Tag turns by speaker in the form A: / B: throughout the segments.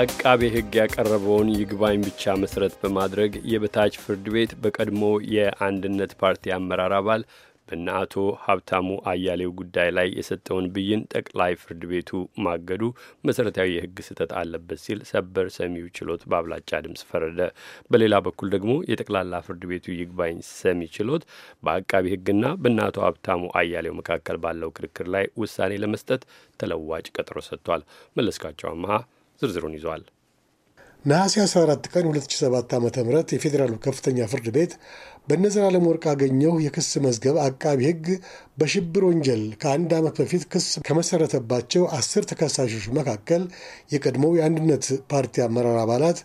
A: አቃቤ ሕግ ያቀረበውን ይግባኝ ብቻ መሰረት በማድረግ የበታች ፍርድ ቤት በቀድሞ የአንድነት ፓርቲ አመራር አባል በእነ አቶ ሀብታሙ አያሌው ጉዳይ ላይ የሰጠውን ብይን ጠቅላይ ፍርድ ቤቱ ማገዱ መሰረታዊ የሕግ ስህተት አለበት ሲል ሰበር ሰሚው ችሎት በአብላጫ ድምፅ ፈረደ። በሌላ በኩል ደግሞ የጠቅላላ ፍርድ ቤቱ ይግባኝ ሰሚ ችሎት በአቃቢ ሕግና በእነ አቶ ሀብታሙ አያሌው መካከል ባለው ክርክር ላይ ውሳኔ ለመስጠት ተለዋጭ ቀጠሮ ሰጥቷል። መለስካቸው አመሃ ዝርዝሩን ይዟል።
B: ነሐሴ 14 ቀን 2007 ዓ ም የፌዴራሉ ከፍተኛ ፍርድ ቤት ዓለም ወርቅ አገኘሁ የክስ መዝገብ አቃቢ ሕግ በሽብር ወንጀል ከአንድ ዓመት በፊት ክስ ከመሰረተባቸው አስር ተከሳሾች መካከል የቀድሞው የአንድነት ፓርቲ አመራር አባላት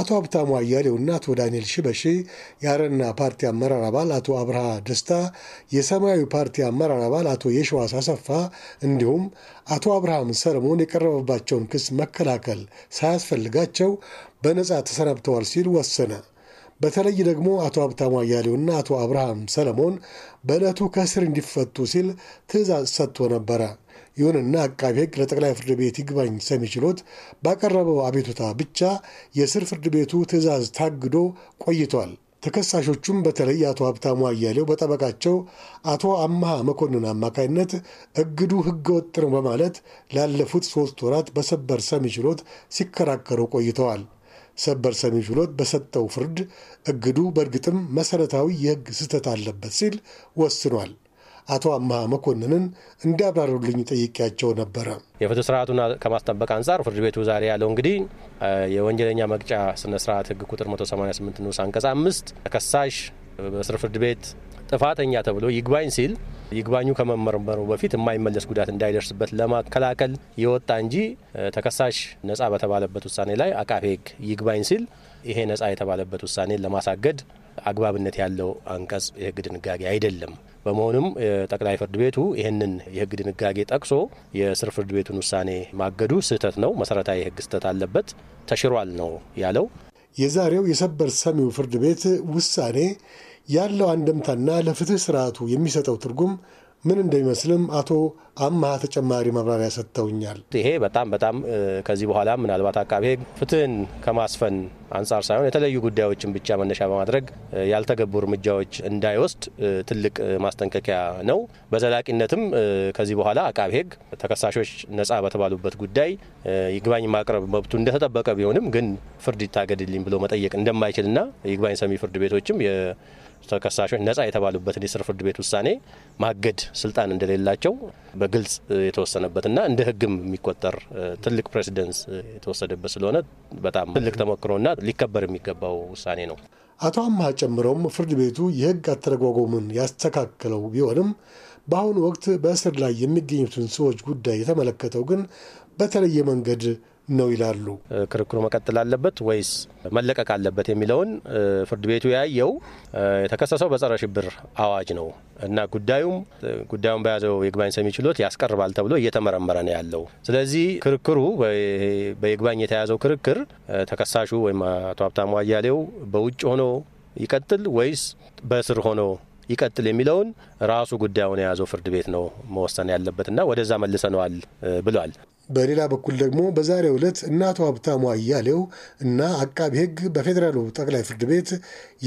B: አቶ ሀብታሙ አያሌውና አቶ ዳንኤል ሽበሺ፣ የአረና ፓርቲ አመራር አባል አቶ አብርሃ ደስታ፣ የሰማያዊ ፓርቲ አመራር አባል አቶ የሸዋስ አሰፋ እንዲሁም አቶ አብርሃም ሰለሞን የቀረበባቸውን ክስ መከላከል ሳያስፈልጋቸው በነጻ ተሰናብተዋል ሲል ወሰነ። በተለይ ደግሞ አቶ ሀብታሙ አያሌውና አቶ አብርሃም ሰለሞን በዕለቱ ከእስር እንዲፈቱ ሲል ትዕዛዝ ሰጥቶ ነበረ። ይሁንና አቃቢ ሕግ ለጠቅላይ ፍርድ ቤት ይግባኝ ሰሚ ችሎት ባቀረበው አቤቱታ ብቻ የስር ፍርድ ቤቱ ትዕዛዝ ታግዶ ቆይቷል። ተከሳሾቹም በተለይ አቶ ሀብታሙ አያሌው በጠበቃቸው አቶ አምሃ መኮንን አማካይነት እግዱ ሕገ ወጥ ነው በማለት ላለፉት ሶስት ወራት በሰበር ሰሚ ችሎት ሲከራከሩ ቆይተዋል። ሰበር ሰሚ ችሎት በሰጠው ፍርድ እግዱ በእርግጥም መሠረታዊ የሕግ ስህተት አለበት ሲል ወስኗል። አቶ አማ መኮንንን እንዲያብራሩልኝ ጠይቄያቸው ነበረ።
A: የፍትህ ስርዓቱን ከማስጠበቅ አንጻር ፍርድ ቤቱ ዛሬ ያለው እንግዲህ የወንጀለኛ መቅጫ ስነስርዓት ህግ ቁጥር 188 ንዑስ አንቀጽ አምስት ተከሳሽ በስር ፍርድ ቤት ጥፋተኛ ተብሎ ይግባኝ ሲል ይግባኙ ከመመርመሩ በፊት የማይመለስ ጉዳት እንዳይደርስበት ለማከላከል የወጣ እንጂ ተከሳሽ ነጻ በተባለበት ውሳኔ ላይ አቃቤ ህግ ይግባኝ ሲል ይሄ ነጻ የተባለበት ውሳኔን ለማሳገድ አግባብነት ያለው አንቀጽ የህግ ድንጋጌ አይደለም። በመሆኑም ጠቅላይ ፍርድ ቤቱ ይህንን የህግ ድንጋጌ ጠቅሶ የስር ፍርድ ቤቱን ውሳኔ ማገዱ ስህተት ነው፣ መሰረታዊ የህግ ስህተት አለበት፣ ተሽሯል ነው
B: ያለው። የዛሬው የሰበር ሰሚው ፍርድ ቤት ውሳኔ ያለው አንድምታና ለፍትህ ስርዓቱ የሚሰጠው ትርጉም ምን እንደሚመስልም አቶ አማሃ ተጨማሪ ማብራሪያ ሰጥተውኛል።
A: ይሄ በጣም በጣም ከዚህ በኋላ ምናልባት አቃቤ ሕግ ፍትህን ከማስፈን አንጻር ሳይሆን የተለያዩ ጉዳዮችን ብቻ መነሻ በማድረግ ያልተገቡ እርምጃዎች እንዳይወስድ ትልቅ ማስጠንቀቂያ ነው። በዘላቂነትም ከዚህ በኋላ አቃቤ ሕግ ተከሳሾች ነጻ በተባሉበት ጉዳይ ይግባኝ ማቅረብ መብቱ እንደተጠበቀ ቢሆንም ግን ፍርድ ይታገድልኝ ብሎ መጠየቅ እንደማይችልና ይግባኝ ሰሚ ፍርድ ቤቶችም ተከሳሾች ነጻ የተባሉበትን የስር ፍርድ ቤት ውሳኔ ማገድ ስልጣን እንደሌላቸው በግልጽ የተወሰነበትና እንደ ህግም የሚቆጠር ትልቅ ፕሬሲደንስ የተወሰደበት ስለሆነ በጣም ትልቅ ተሞክሮና ሊከበር የሚገባው ውሳኔ ነው።
B: አቶ አምሃ ጨምረውም ፍርድ ቤቱ የህግ አተረጓጎሙን ያስተካከለው ቢሆንም በአሁኑ ወቅት በእስር ላይ የሚገኙትን ሰዎች ጉዳይ የተመለከተው ግን በተለየ መንገድ ነው ይላሉ።
A: ክርክሩ መቀጠል አለበት ወይስ መለቀቅ አለበት የሚለውን ፍርድ ቤቱ ያየው የተከሰሰው በጸረ ሽብር አዋጅ ነው እና ጉዳዩም ጉዳዩን በያዘው የይግባኝ ሰሚ ችሎት ያስቀርባል ተብሎ እየተመረመረ ነው ያለው። ስለዚህ ክርክሩ በይግባኝ የተያዘው ክርክር ተከሳሹ ወይም አቶ ሀብታሙ አያሌው በውጭ ሆኖ ይቀጥል ወይስ በእስር ሆኖ ይቀጥል የሚለውን ራሱ ጉዳዩን የያዘው ፍርድ ቤት ነው መወሰን ያለበትና ወደዛ መልሰነዋል ብሏል።
B: በሌላ በኩል ደግሞ በዛሬው ዕለት እነ አቶ ሀብታሙ አያሌው እና አቃቢ ሕግ በፌዴራሉ ጠቅላይ ፍርድ ቤት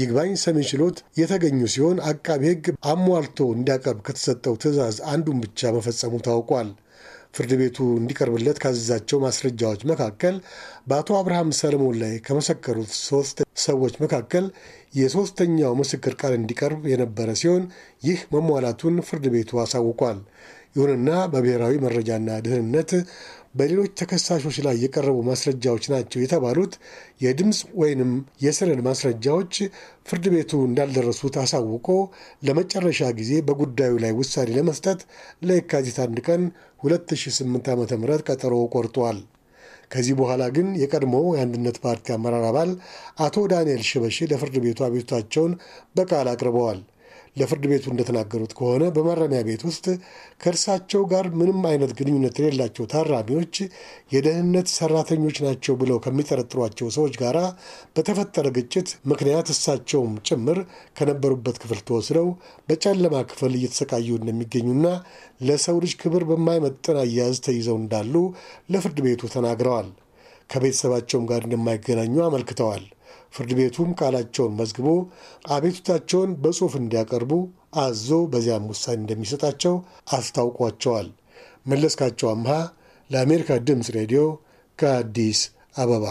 B: ይግባኝ ሰሚ ችሎት የተገኙ ሲሆን አቃቢ ሕግ አሟልቶ እንዲያቀርብ ከተሰጠው ትዕዛዝ አንዱን ብቻ መፈጸሙ ታውቋል። ፍርድ ቤቱ እንዲቀርብለት ካዘዛቸው ማስረጃዎች መካከል በአቶ አብርሃም ሰለሞን ላይ ከመሰከሩት ሶስት ሰዎች መካከል የሦስተኛው ምስክር ቃል እንዲቀርብ የነበረ ሲሆን ይህ መሟላቱን ፍርድ ቤቱ አሳውቋል። ይሁንና በብሔራዊ መረጃና ደህንነት በሌሎች ተከሳሾች ላይ የቀረቡ ማስረጃዎች ናቸው የተባሉት የድምፅ ወይንም የሰነድ ማስረጃዎች ፍርድ ቤቱ እንዳልደረሱት አሳውቆ ለመጨረሻ ጊዜ በጉዳዩ ላይ ውሳኔ ለመስጠት ለየካቲት አንድ ቀን 2008 ዓ.ም ቀጠሮ ቆርጧል። ከዚህ በኋላ ግን የቀድሞ የአንድነት ፓርቲ አመራር አባል አቶ ዳንኤል ሽበሺ ለፍርድ ቤቱ አቤቱታቸውን በቃል አቅርበዋል። ለፍርድ ቤቱ እንደተናገሩት ከሆነ በማረሚያ ቤት ውስጥ ከእርሳቸው ጋር ምንም አይነት ግንኙነት የሌላቸው ታራሚዎች የደህንነት ሰራተኞች ናቸው ብለው ከሚጠረጥሯቸው ሰዎች ጋር በተፈጠረ ግጭት ምክንያት እሳቸውም ጭምር ከነበሩበት ክፍል ተወስደው በጨለማ ክፍል እየተሰቃዩ እንደሚገኙና ለሰው ልጅ ክብር በማይመጥን አያያዝ ተይዘው እንዳሉ ለፍርድ ቤቱ ተናግረዋል። ከቤተሰባቸውም ጋር እንደማይገናኙ አመልክተዋል። ፍርድ ቤቱም ቃላቸውን መዝግቦ አቤቱታቸውን በጽሑፍ እንዲያቀርቡ አዞ በዚያም ውሳኔ እንደሚሰጣቸው አስታውቋቸዋል። መለስካቸው አምሃ ለአሜሪካ ድምፅ ሬዲዮ ከአዲስ አበባ